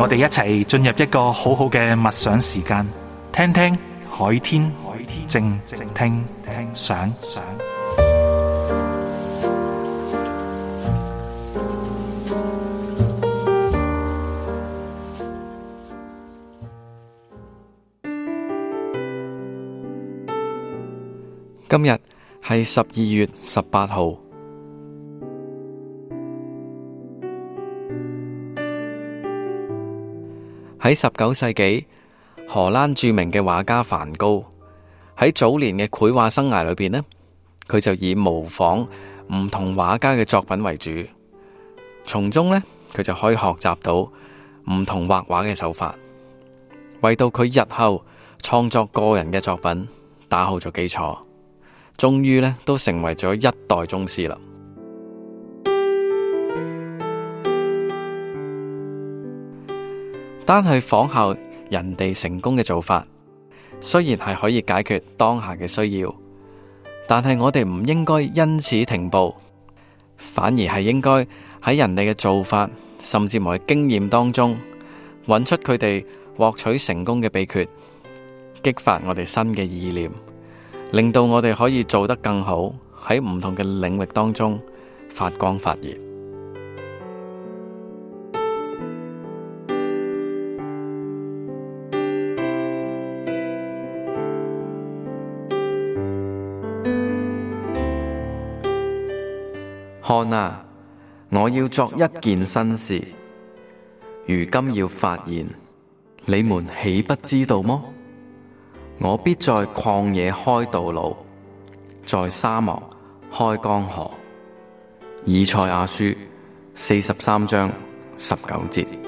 我哋一齊進入一個好好嘅默想時間，聽聽海天靜靜聽聽想。今日係十二月十八號。喺十九世紀，荷蘭著名嘅畫家梵高喺早年嘅繪畫生涯裏邊呢，佢就以模仿唔同畫家嘅作品為主，從中呢，佢就可以學習到唔同畫畫嘅手法，為到佢日後創作個人嘅作品打好咗基礎，終於呢，都成為咗一代宗師啦。單係仿效人哋成功嘅做法，雖然係可以解決當下嘅需要，但係我哋唔應該因此停步，反而係應該喺人哋嘅做法，甚至埋經驗當中，揾出佢哋獲取成功嘅秘訣，激發我哋新嘅意念，令到我哋可以做得更好，喺唔同嘅領域當中發光發熱。看啊！我要作一件新事，如今要發現，你們豈不知道麼？我必在曠野開道路，在沙漠開江河。以賽亞書四十三章十九節。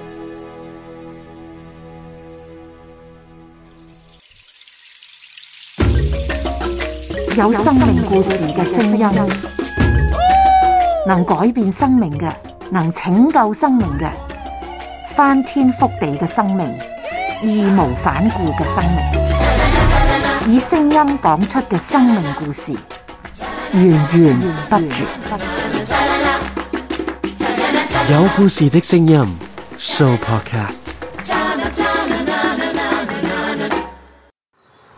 有生命故事嘅聲音，能改變生命嘅，能拯救生命嘅，翻天覆地嘅生命，義無反顧嘅生命，以聲音講出嘅生命故事，源源不絕。有故事的聲音，Sooo Podcast。